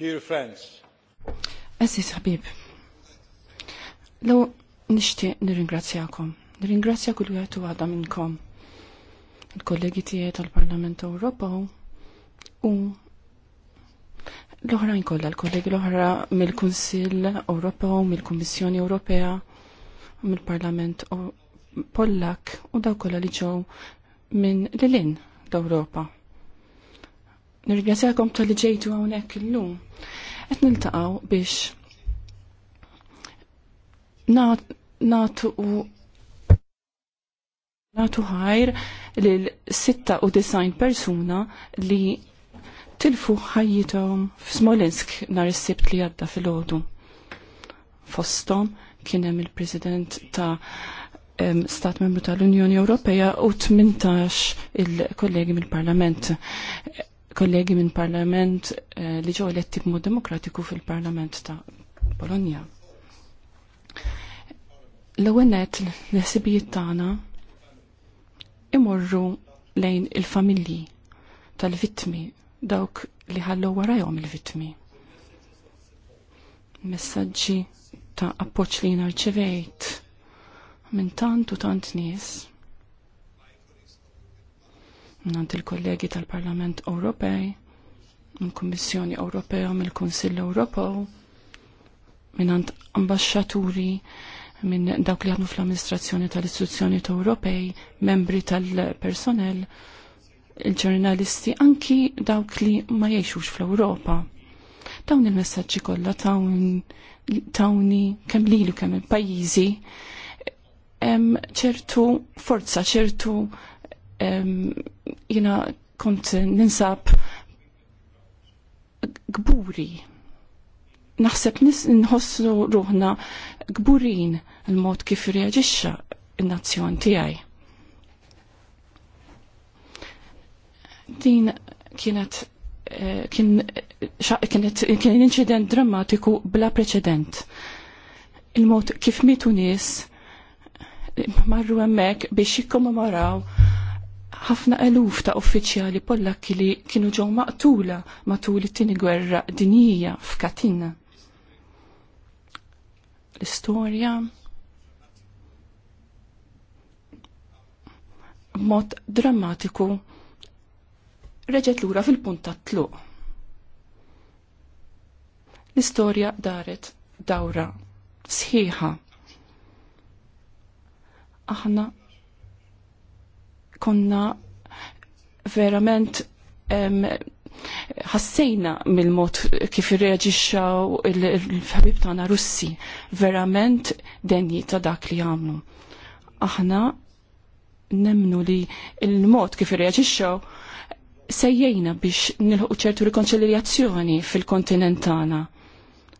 Dear friends. Aziz ħabib, law nishtiq nirringrazzjakom. Nirringrazzja kull wieħed u għadha minnkom. Il-kollegi tiegħi tal-Parlament Ewropew u l-oħrajn kollha l-kollegi l-oħra mill-Kunsill Ewropew, mill-Kummissjoni Ewropea, mill-Parlament Pollak u daw kollha li ġew minn lilin l-Ewropa. Nirringrazzjakom tal-li ġejtu hawnhekk illum. Qed niltaqgħu biex natu natu ħajr lil 96 persuna li tilfu ħajjithom f'Smolensk nhar is-sibt li għadda fil-ħodu. Fostom kien hemm il-President ta' stat membru tal-Unjoni Ewropeja u 18 il-kollegi mill-Parlament kollegi minn parlament eh, li ġew eletti b'mod demokratiku fil-parlament ta' Polonja. L-ewwel nett l-ħsibijiet tagħna imorru lejn il-familji tal-vittmi dawk li ħallu warajhom il-vittmi. Messaġġi ta' appoċ li narċevejt minn tant u tant nies nant il-kollegi tal-Parlament Ewropej, il-Kommissjoni Ewropea, mill-Kunsill Ewropew, minnant ambasċaturi minn dawk li għadnu fl-amministrazzjoni tal-istituzzjoni Ewropej, membri tal-personell, il-ġurnalisti, anki dawk li ma jiexux fl-Ewropa. Dawn il-messagġi kollha tawni kemm lilu kemm il-pajjiżi hemm ċertu forza, ċertu jina kont ninsab gburi. Naħseb nis nħossu ruħna gburin il-mod kif reagisċa il-nazzjon tijaj. Din kienet eh, kien kienet kien drammatiku bla preċedent. Il-mod kif mitu nis marru hemmhekk biex jikkommemoraw ħafna eluf ta' uffiċjali Pollakki li kienu ġew maqtula matul it-tieni gwerra dinjija f'Katina. L-istorja mod drammatiku reġet lura fil-punt ta' tluq. L-istorja daret dawra sħiħa. Aħna konna verament ħassejna mill-mod kif irreġixxaw il-ħabib tagħna Russi verament denji ta' dak li għamlu. Aħna nemnu li il-mod kif irreġixxaw sejjejna biex nilħu ċertu rikonċiljazzjoni fil-kontinent tagħna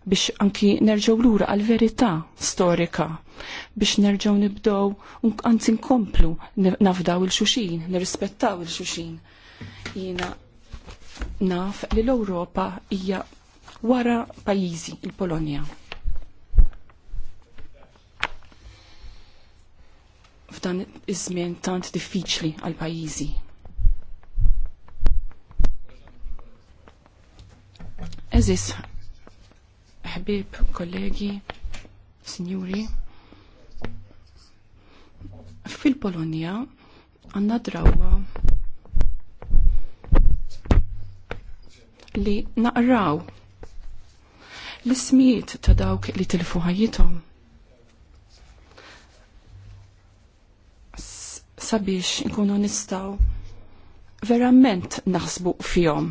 biex anki nerġaw lura għal verità storika biex nerġaw nibdow anzi nkomplu nafdaw il-xuxin, nirrispettaw il-xuxin. Jina naf li l-Europa hija wara pajizi il-Polonja. F'dan iż-żmien tant diffiċli għal pajjiżi. Eżis, ħbib, kollegi, sinjuri. Fil-Polonja għanna drawa li naqraw l-ismijiet ta' dawk li tilfu ħajjithom. Sabiex nkunu nistaw verament naħsbu fihom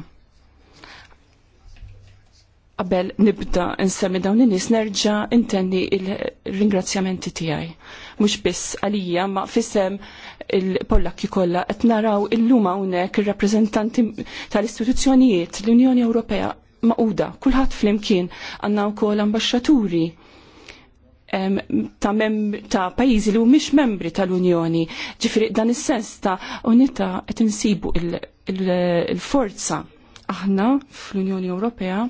qabel nibda nsemmi dawn in-nies nerġa' intenni il-ringrazzjamenti tiegħi. Mhux biss għalija ma fisem il-Pollakki kollha qed naraw illum hawnhekk ir-rappreżentanti tal-istituzzjonijiet l-Unjoni Ewropea maquda, kulħadd flimkien għandna wkoll ambaxxaturi ta' mem ta' pajizi li mhumiex membri tal-Unjoni. Ġifieri dan is-sens ta' unità qed insibu il-forza il il aħna fl-Unjoni Ewropea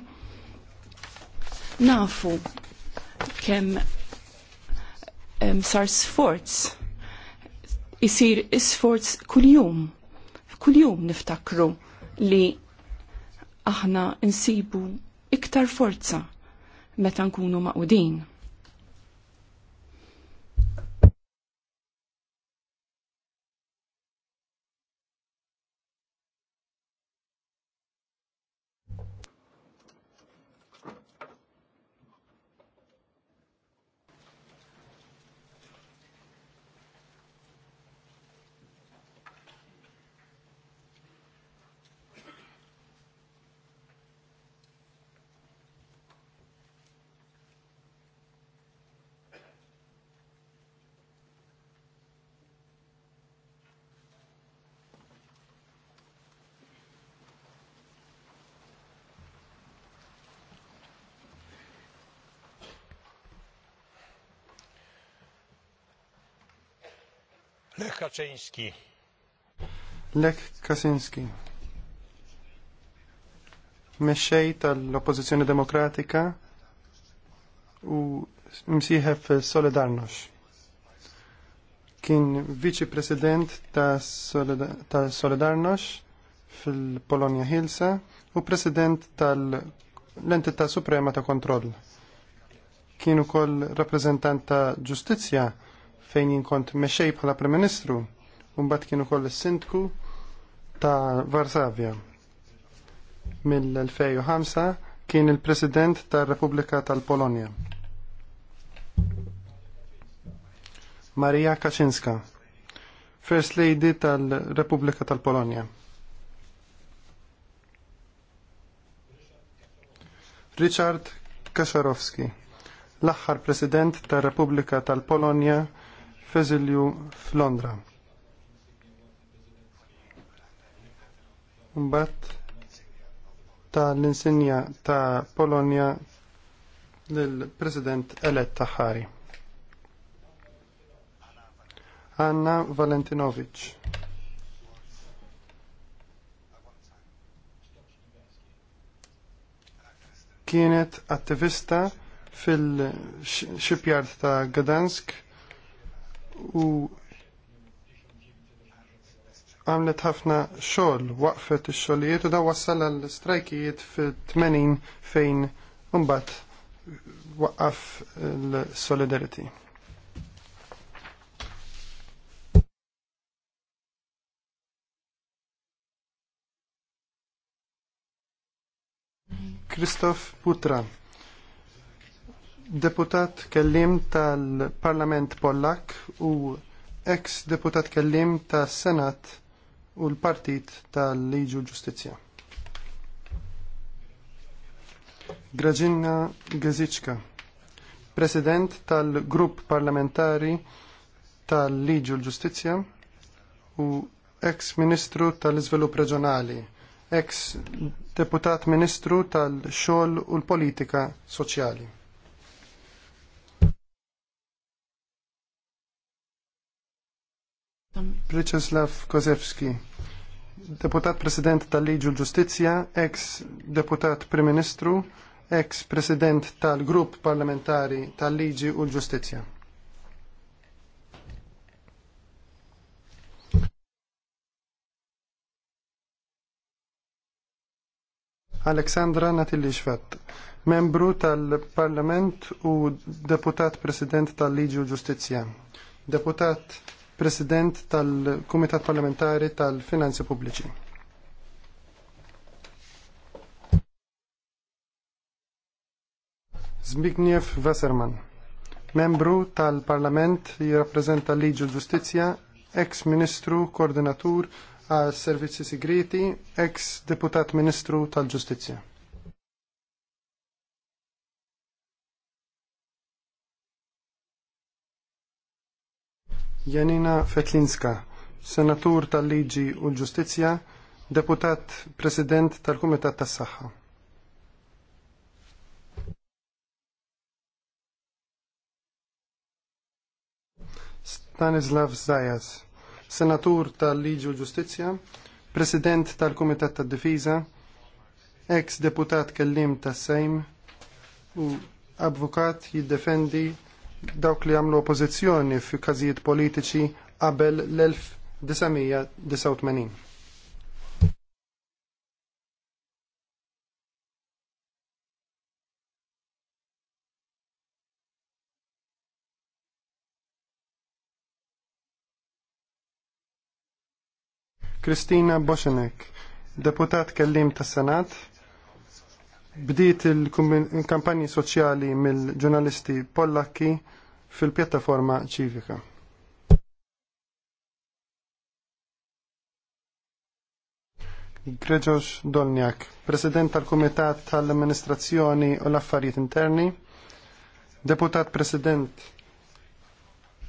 Nafu kemm sar sforz isir sforz kuljum. Kuljum niftakru li aħna insibu iktar forza meta nkunu maqudin. Kaczyński. Lech Kaczynski. Mexxej tal oppozizjoni Demokratika u msieħeb fil-Solidarność. Kien viċi president ta', Solida Solidarność fil-Polonia Hilsa u president tal-Entità Suprema ta' Kontroll. Kien ukoll rappresentant ta' Ġustizzja fejn jinkont mexej bħala Prem-Ministru, mbagħad kienu koll is-Sindku ta' Varsavja. Mill-2005 kien il-President tar-Repubblika tal-Polonja. Maria Kaczynska, First Lady tal-Repubblika tal-Polonja. Richard Kaczarowski, l-aħħar President tar-Repubblika tal-Polonja f'eżilju f'Londra. Mbatt ta' l-insinja ta' Polonia lill-President Elet Taħari. Anna Valentinovic. Kienet attivista fil-shipyard ta' Gdansk u għamlet ħafna xogħol waqfet ix-xogħlijiet u da wassal għal strajkijiet fit-80 fejn mbagħad waqqaf l-solidarity. Kristof Putran deputat kellim tal-Parlament Pollak u ex deputat kellim tas-Senat u l-Partit tal-Liġu Ġustizzja. Graġinna Gazicka, President tal-Grupp Parlamentari tal-Liġu l-Ġustizzja u ex Ministru tal-Iżvilupp Reġjonali, ex Deputat Ministru tal-Xogħol u l-Politika Soċjali. Preċeslav Kozewski, deputat president tal-Liġu l-Ġustizja, ex deputat prim-ministru, ex president tal-Grupp Parlamentari tal-Liġi u l-Ġustizja. Aleksandra Natilli Xfett, membru tal-Parlament u deputat president tal-Liġi u l-Ġustizja, deputat President tal-Kumitat Parlamentari tal-Finanzi Pubbliċi. Zbigniew Wasserman, membru tal-Parlament jirrappreżenta l-Liġu Ġustizzja, ex-Ministru Koordinatur għal Servizzi Sigriti, ex-Deputat Ministru tal-Ġustizzja. Janina Fetlinska, senatur tal-Liġi u l-Ġustizzja, deputat president tal-Kumitat tas-Saħħa. Stanislav Zajas, senatur tal-Liġi u l-Ġustizzja, president tal-Kumitat tad-Difiża, ex deputat kellim tas-Sejm u avvokat jiddefendi dawk li għamlu oppożizzjoni fi każijiet politiċi qabel l-1989. Kristina Boschenek, deputat kellim tas-Senat, bdiet il-kampanji soċjali mill-ġurnalisti pollakki fil-pjattaforma ċivika. Greġos Dolniak, President tal-Kumitat tal-Amministrazzjoni u l-Affarijiet Interni, Deputat President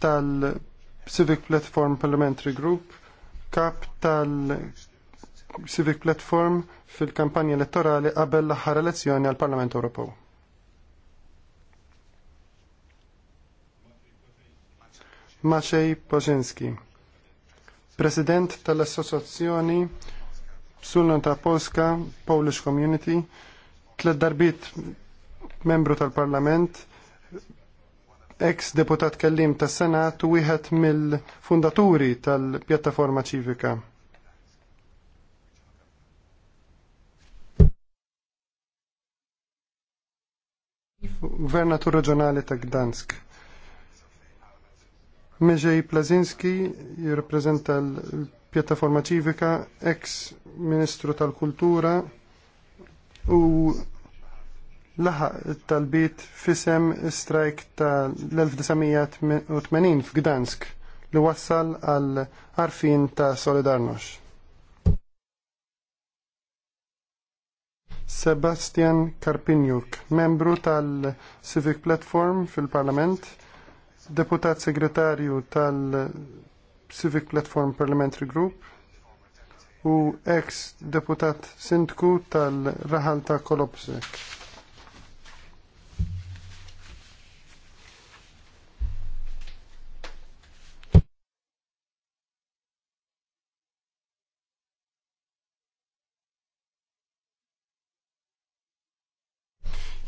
tal-Civic Platform Parliamentary Group, Kap tal Civic Platform fil-kampanja elettorali qabel l-aħħar elezzjoni għal Parlament Ewropew. Maciej Pożynski, President tal-Assoċjazzjoni ta' Polska Polish Community, tled darbit membru tal-Parlament, ex deputat kellim tas-Senat u wieħed mill-fundaturi tal-pjattaforma ċivika Gvernatur Reġjonali ta' Gdansk. Meġej Plazinski jirrappreżenta l-pjattaforma ċivika, ex Ministru tal-Kultura u laħaq tal-bit fisem strajk tal-1980 f'Gdansk li wassal għal arfin ta' Solidarnosc. Sebastian Karpinjuk, membru tal-Civic Platform fil-Parlament, deputat segretarju tal-Civic Platform Parliamentary Group u ex-deputat sindku tal-Raħal ta'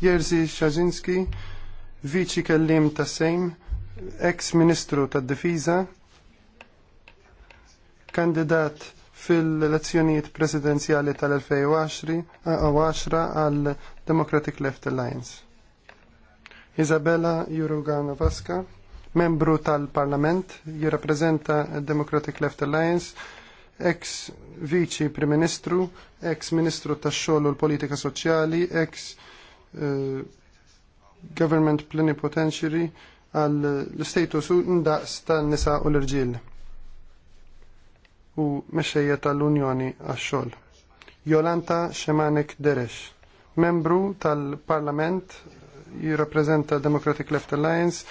Jerzy Szazinski, viċi kellim ta' Sejm, ex-ministru ta' Difiża, kandidat fil-elezzjonijiet presidenzjali tal-2010 għal Democratic Left Alliance. Isabella Jurugana Vaska, membru tal-Parlament, jirrapprezenta Democratic Left Alliance, ex viċi prim-ministru, ex ministru tax xogħol u l-politika soċjali, ex Eh, government plenipotentiary għal l-status u ndaqs tal-nisa u l rġil u mexxejja tal-Unjoni għax-xogħol. Jolanta Shemanek Deresh, membru tal-Parlament jirrappreżenta Democratic Left Alliance,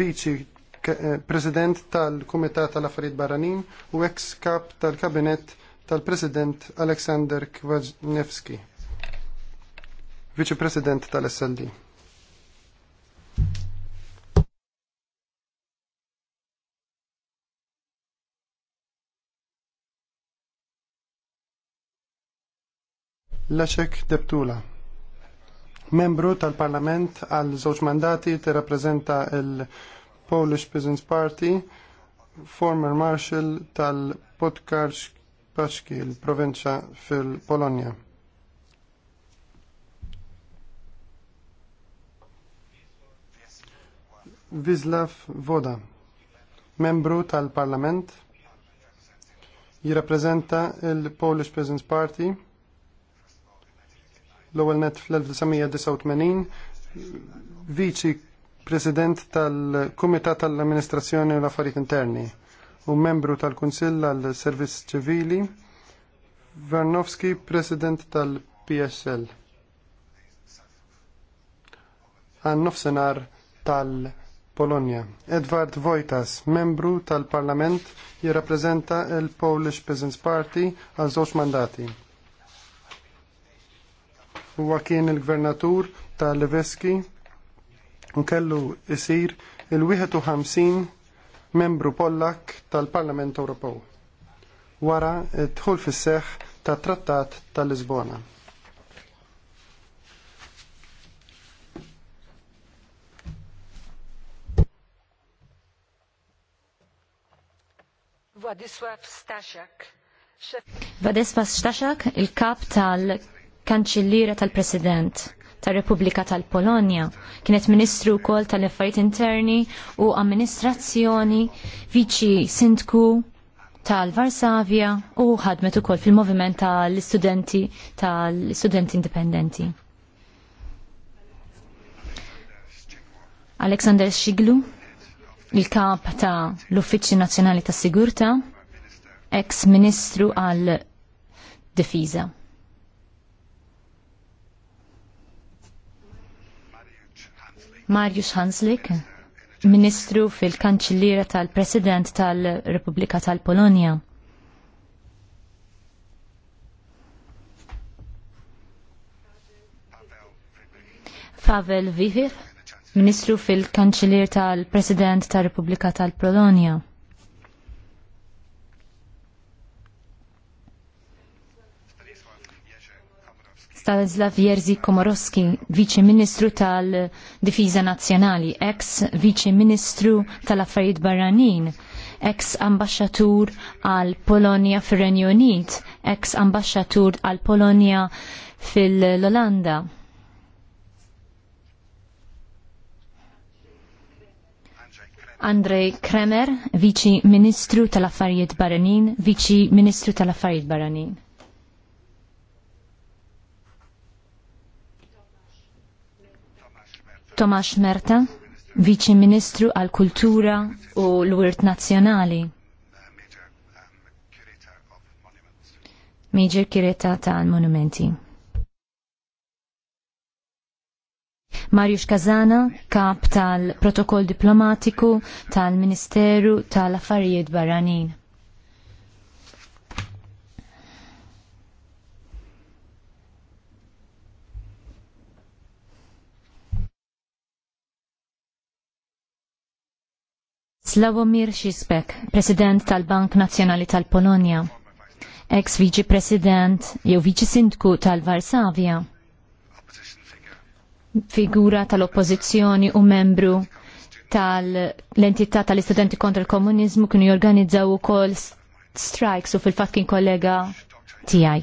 viċi eh, president tal-Kumitat tal-Affarijiet Barranin u ex kap tal-Kabinet tal-President Aleksander Kwasniewski. Viċi President tal-SLD. Leszek Deptula, membru tal-Parlament għal żewġ mandati te rappresenta il-Polish Peasants Party, former Marshal tal-Podkarsk Paxki, il fil-Polonia. fil-Polonja. Vizlav Voda, membru tal-Parlament, jirrapprezenta il-Polish Peasants Party l-ewwel net fl-1989 viċi President tal-Kumitat tal-Amministrazzjoni u l-Affarijiet Interni u membru tal-Kunsill għall servizz Ċivili, Varnowski, President tal-PSL. Għan nofsenar tal-PSL Polonia. Edward Wojtas, membru tal-Parlament, jirrappreżenta il Polish Peasants Party għal żewġ mandati. Huwa kien il-gvernatur tal-Leveski u kellu isir il-51 membru Pollak tal-Parlament Ewropew wara id dħul fis seħħ tat Trattat tal-Lisbona. Władysław Stasiak. Władysław Stasiak, il-kap tal-kanċillira tal-President tal-Repubblika tal-Polonja. Kienet ministru kol tal-affarijiet interni u amministrazzjoni, viċi sindku tal varsavia u ħadmet ukoll fil-moviment tal-istudenti tal-istudenti indipendenti. Alexander Xiglu il-kap ta' l-Uffiċċju Nazzjonali ta' Sigurta, ex Ministru għal Difiża. Marius Hanslik, Ministru fil-Kanċilliera tal-President tal-Repubblika tal-Polonja. Pavel Vivir, ministru fil-kanċilir tal-President tal-Repubblika tal-Polonia. Stanislav Jerzy Komorowski, Viċi Ministru tal-Difiża Nazzjonali, ex Viċi Ministru tal-Affarijiet Barranin, ex ambasċatur għal Polonia fir-Renju Unit, ex ambasċatur għal Polonia fil-Olanda. Andrej Kremer, Viċi Ministru tal-Affarijiet Barranin, Viċi Ministru tal-Affarijiet Barranin. Tomasz Merta, Viċi Ministru għal Kultura u l-Wirt Nazzjonali. Major Kireta tal-Monumenti. Marius Kazana, kap tal-protokoll diplomatiku tal-Ministeru tal-Affarijiet Barranin. Slavomir Xispek, President tal-Bank Nazzjonali tal polonia ex-Viċi President jew Viċi Sindku tal-Varsavja figura tal-oppożizzjoni u membru tal-entità tal-istudenti kontra l-komunizmu kienu jorganizzaw ukoll strikes u fil-fatt kien kollega tiegħi.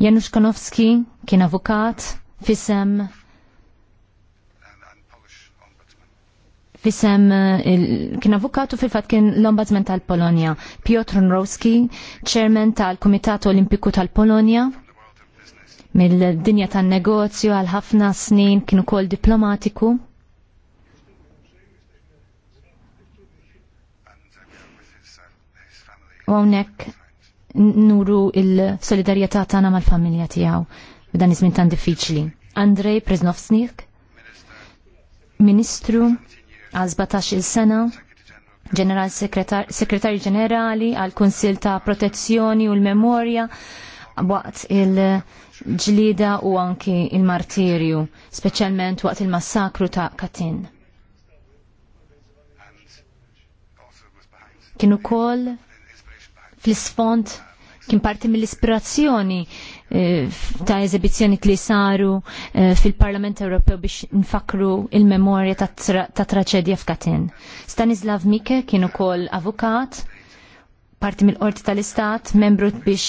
Janusz Konowski kien avukat fisem fisem eh, kien avukatu fil-fat kien l-ombudsman tal-Polonja, Piotr Nrowski, chairman tal komitatu Olimpiku tal-Polonja, mill-dinja tan-negozju għal ħafna snin kienu kol diplomatiku. U għonek nuru il-solidarjetà tagħna mal-familja tijaw f'dan izmin tan diffiċli. Andrej Preznovsnik, Ministru għal 17-il sena, Ġeneral Sekretar Sekretarju Ġenerali għal konsil ta' Protezzjoni u l memoria waqt il-ġlida u anki il-martirju, speċjalment waqt il-massakru ta' Katin. Kienu kol fl-sfont kien parti mill-ispirazzjoni eh, ta' eżibizzjoni li saru eh, fil-Parlament Ewropew biex nfakru il-memorja ta' traċedja f'Katin. Stanislav Mike kien ukoll avukat parti mill-qorti tal-istat, membru biex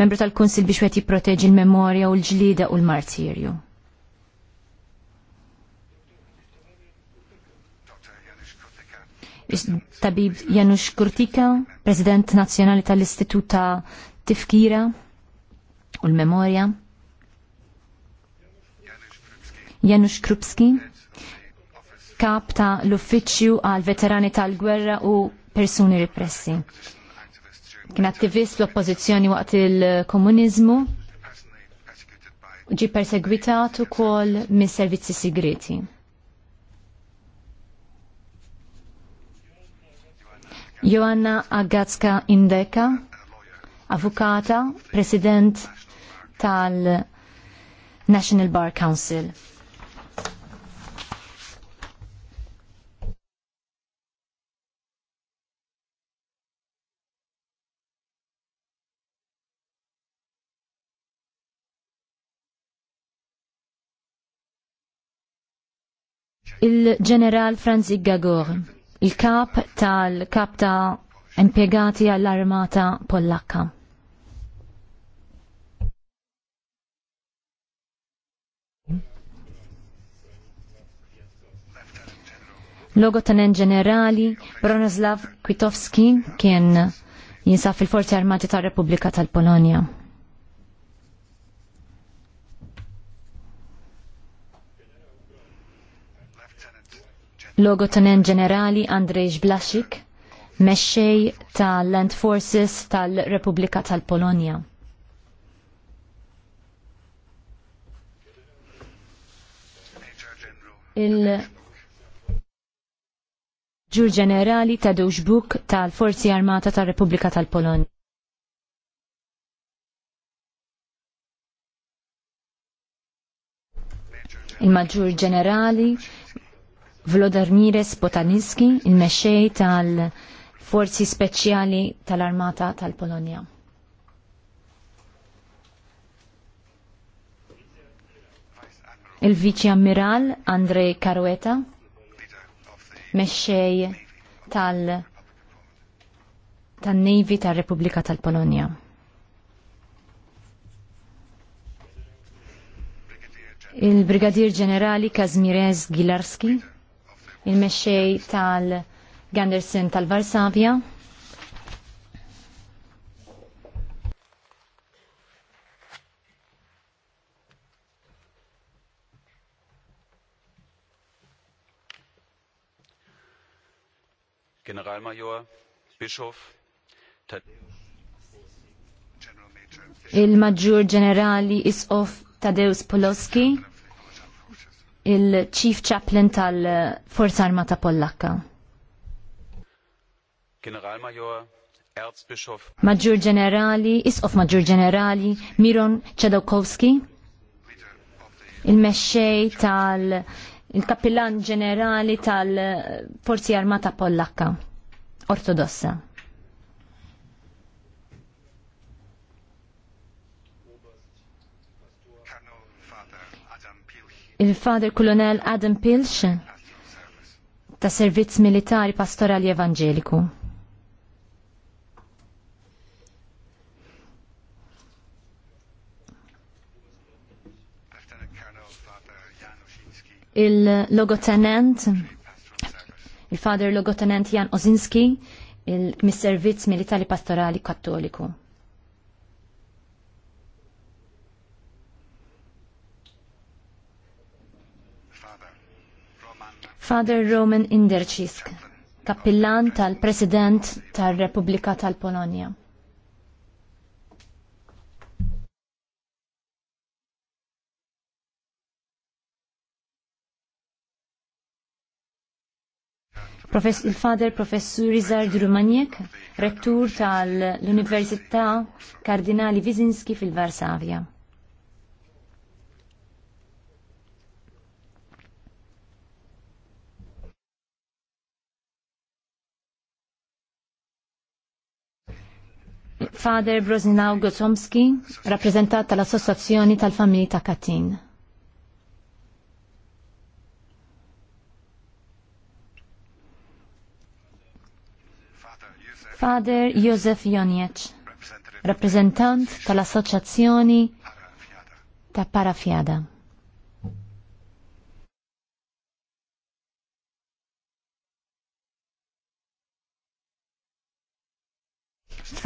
membru tal-kunsil biex weti jipproteġi l-memorja u l-ġlida u l-martirju. Tabib Janusz Kurtika, President Nazzjonali tal-Istitut ta' Tifkira u l-Memorja. Janusz Krupski, kap ta' l-Uffiċċju għal Veterani tal-Gwerra u persuni repressi. Kien attivist fl-oppożizzjoni waqt il-komuniżmu ġi persegwitat ukoll mis servizzi sigreti. Joanna Agatska Indeka, avukata, president tal National Bar Council. il-ġeneral Franzi Gagor, il-kap tal-kap ta' impiegati għall-armata Pollakka. Logotanen ġenerali Bronislav Kwitowski kien jinsaf fil-Forzi Armati tar-Repubblika tal-Polonja. Logotonen ġenerali Andrej Blasik, mexxej tal-Land Forces tal-Repubblika tal-Polonja. Il- ġur ġenerali ta' Duxbuk tal-Forzi Armata tal-Repubblika tal-Polonja. Il-Maġġur Ġenerali Vlodarmires Mires Potaniski, il mexej tal-Forzi Speċjali tal-Armata tal polonia Il-Viċi Ammiral Andrej Karueta, mexej tal- tan-Navy tal-Repubblika tal polonia Il-Brigadier Ġenerali Kazmirez Gilarski, il-mexxej tal-Gandersen tal-Varsavja. Generalmajor, Bischof, il-Maġġur Ġenerali Isqof Tadeusz Poloski, il-Chief Chaplain tal-Forza Armata Pollakka. Generalmajor Erzbischof. Maġġur ġenerali, isqof maġġur ġenerali, Miron Ċedokowski, il-mexxej tal- il-kapillan ġenerali tal-Forzi Armata Pollakka, Ortodossa. il fadr Kolonel Adam Pilsch, ta' Servizz Militari Pastorali Evangeliku. Il-logotenent, il-Fader logotenent Jan Ozinski, il-Mis-Servizz Militari Pastorali Kattoliku. Father Roman Indercisk, kappillan tal-President tal-Repubblika tal polonia il father Professur Rizard Rumaniek, rettur tal-Università Kardinali Wizinski fil-Varsavia. Father Brozinau Gosomski, rappresentata tal-Associazzjoni tal-Familji ta' Katin. Father Josef Joniec, rappresentant tal-Associazzjoni ta' Parafjada.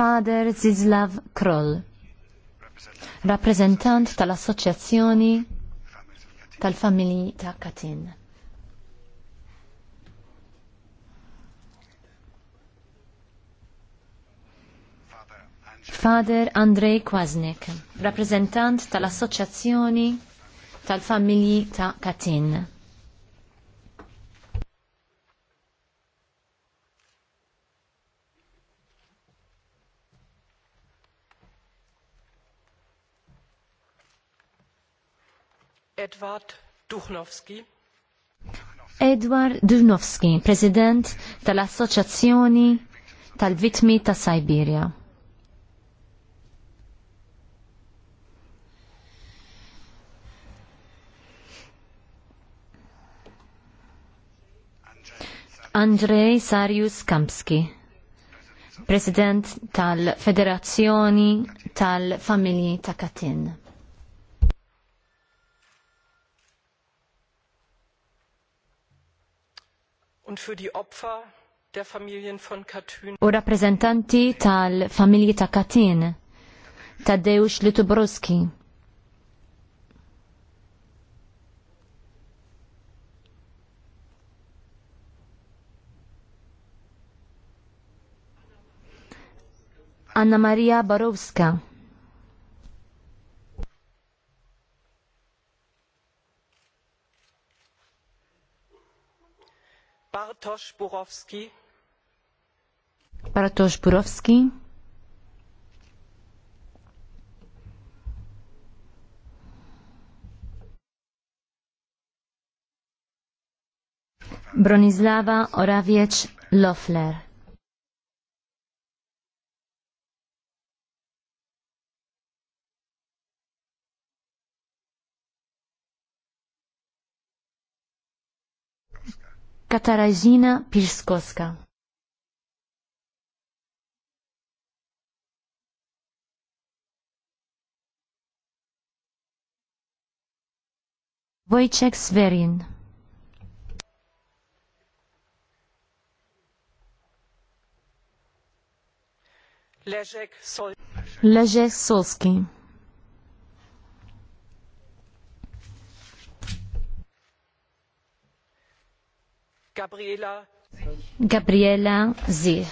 Father Zislav Kroll, rappresentant tal-Assoċjazzjoni tal-Familji ta' Katin. Fader Andrej Kwasnik, rappresentant tal-Assoċjazzjoni tal-Familji ta' Katin. Edward Duchnowski. Edward Duchnowski, President tal-Assoċjazzjoni tal-Vitmi ta' Siberia. Andrej Sarius Kamski, President tal-Federazzjoni tal-Familji ta' Katin. U rappreżentanti tal-familji ta' Katin, ta' Dewx Litubruski. Anna Maria Borowska. Bartosz Burowski. Bartosz Burowski. Bronislava Orawiecz Lofler. Katarzyna Pirskowska. Wojciech Sverin. Leżek Solski. Gabriela. Gabriela Zir.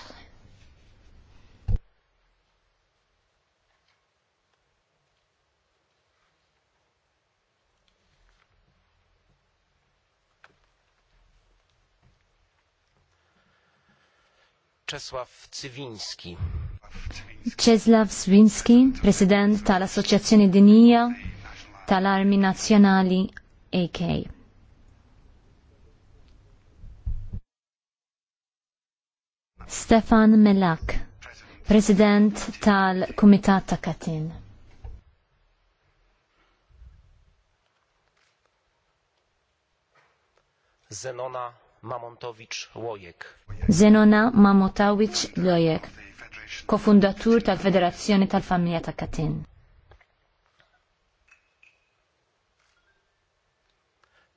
Czesław Cywiński. Czesław Cywiński, president tal-Assoċjazzjoni Dinija tal-Armi Nazzjonali AK. Stefan Melak, President tal-Kumitat ta' Katin. Zenona Mamontowicz-Lojek. Zenona Mamotowicz-Lojek, kofundatur tal-Federazzjoni tal-Familja ta' Katin.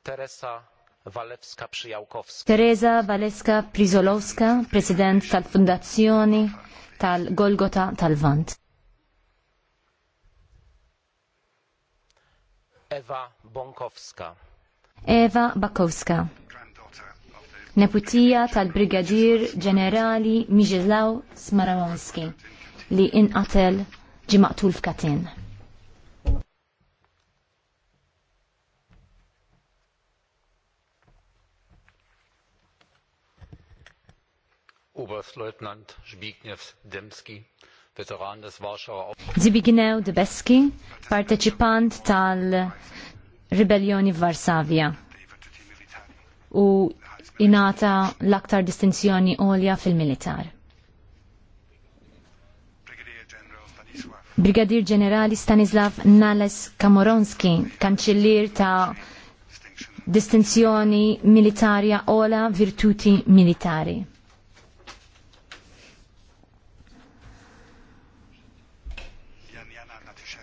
Teresa Walewska Przyjałkowska. Teresa Walewska Prizolowska, prezydent tal-Fundazzjoni tal-Golgota tal-Vant. Ewa Bonkowska. Eva Bakowska. Neputija tal-Brigadir Ġenerali Mijelaw Smarawonski li inqatel ġimaqtul f'Katin. Oberstleutnant Zbigniew Demski, veteran des Warschauer Zbigniew Debeski, partecipant tal-ribellioni Varsavia u inata l-aktar distinzjoni għolja fil-militar. Brigadier Ġenerali Stanislav Nales Kamoronski, kanċellier ta' distinzjoni militarja ola virtuti militari.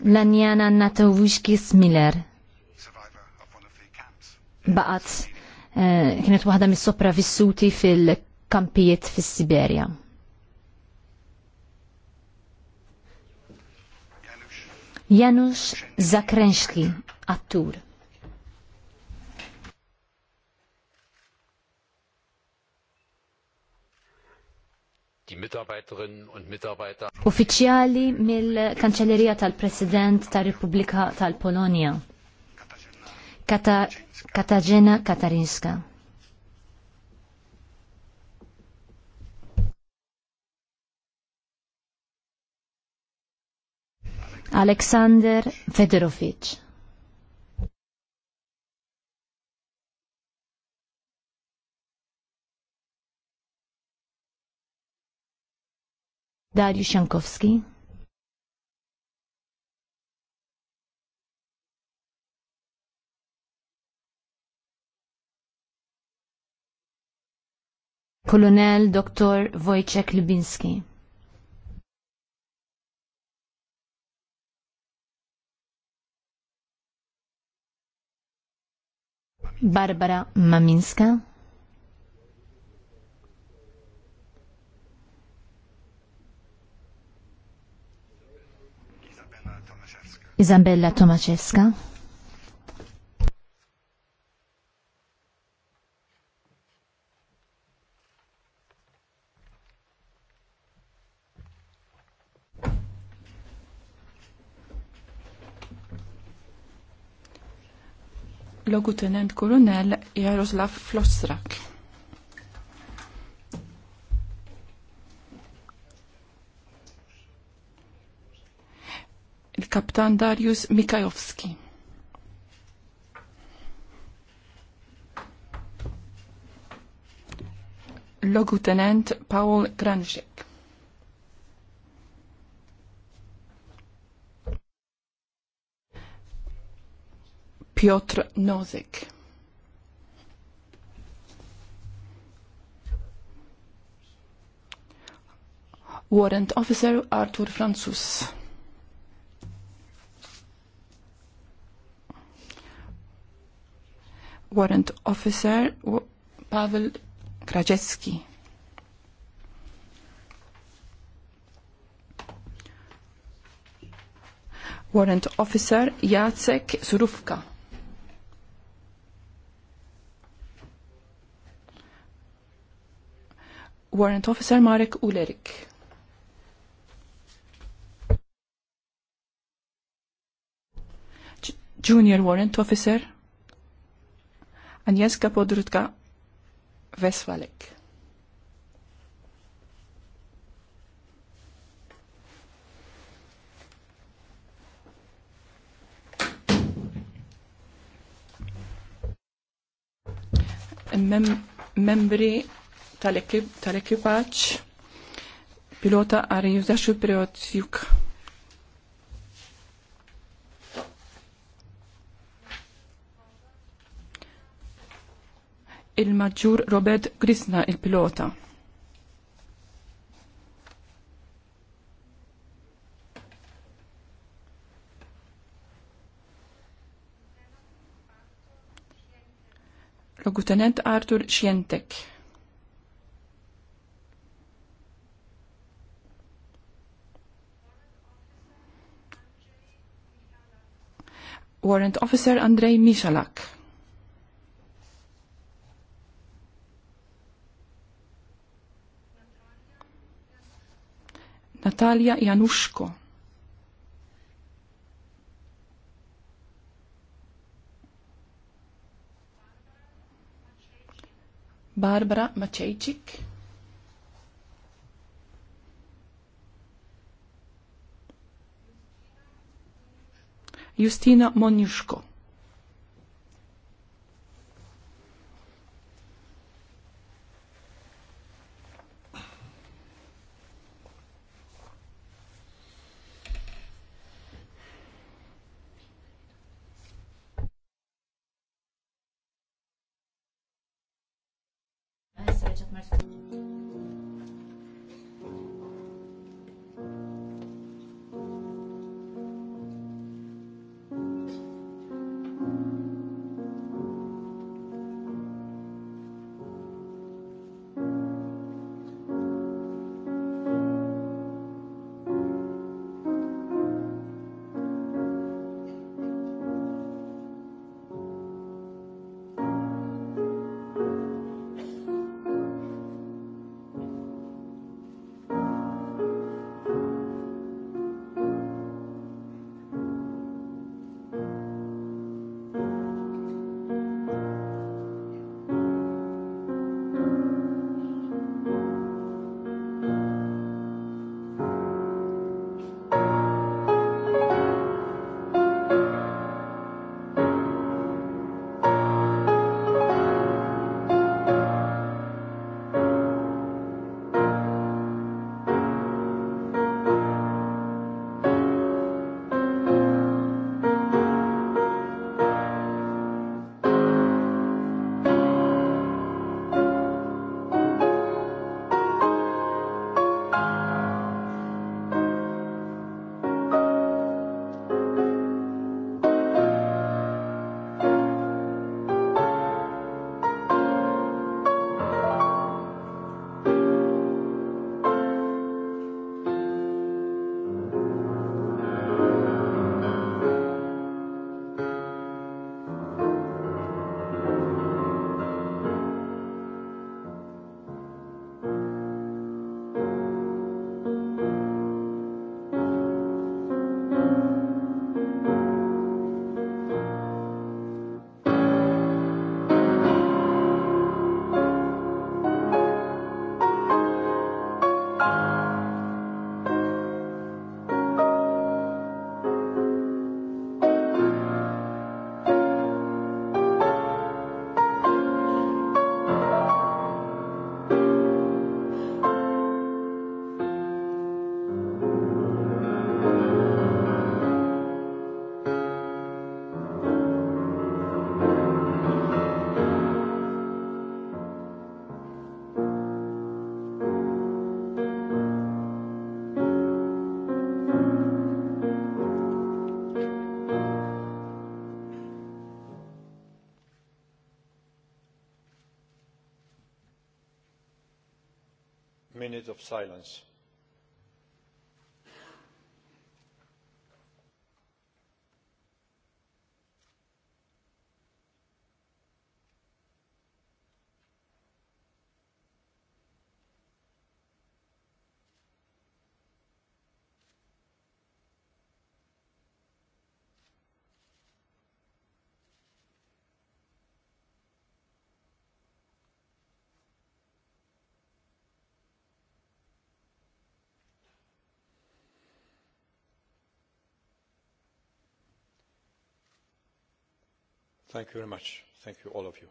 Lanjana Natowishkis Miller. Baqat eh, kienet waħda mis sopravissuti fil-kampijiet fis-Siberja. Janusz Zakrenski, attur. Uffiċjali mill-Kanċellerija tal-President tal-Repubblika tal polonia Katarzyna Katarinska. Aleksander Federovic. Darju Jankowski. Kolonel Dr. Wojciech Lubinski Barbara Maminska. Isabella Tomaceska. Logutenent Kolonel Jaroslav Flostrak. il-kaptan Darius Mikajowski. Logutenent Paul Granczyk. Piotr Nozik. Warrant Officer Artur Francus. Warrant Officer Pavel Krajewski. Warrant Officer Jacek Surufka. Warrant Officer Marek Ulerik. Junior Warrant Officer Agnieszka Podrutka Westwalek. Mem membri tal-ekipaċ pilota għarri jużaxu period il-Maġġur Robert Grisna il-pilota. Logutenent Artur Xientek. Warrant Officer Andrei Michalak. Natalia Januszko. Barbara Maciejczyk. Justina Moniuszko. minute of silence. Thank you very much. Thank you, all of you.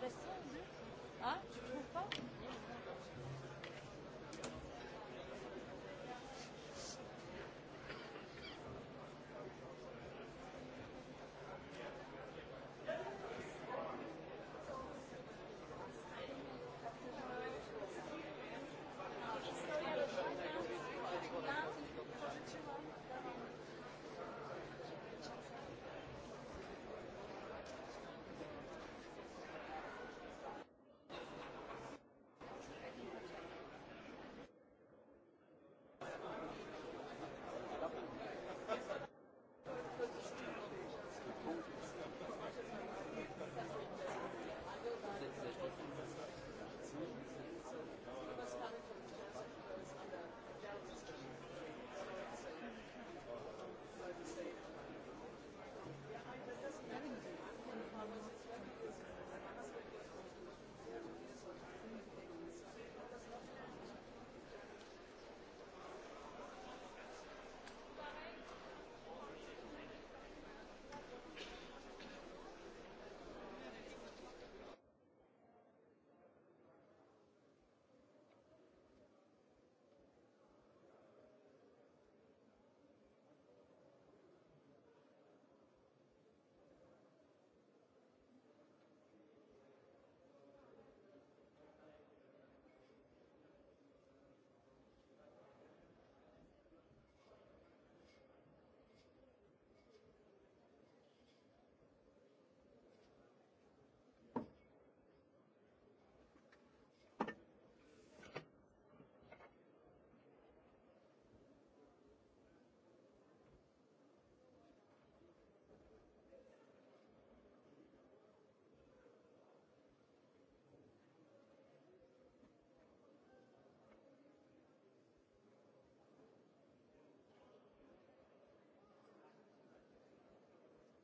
pression, hein?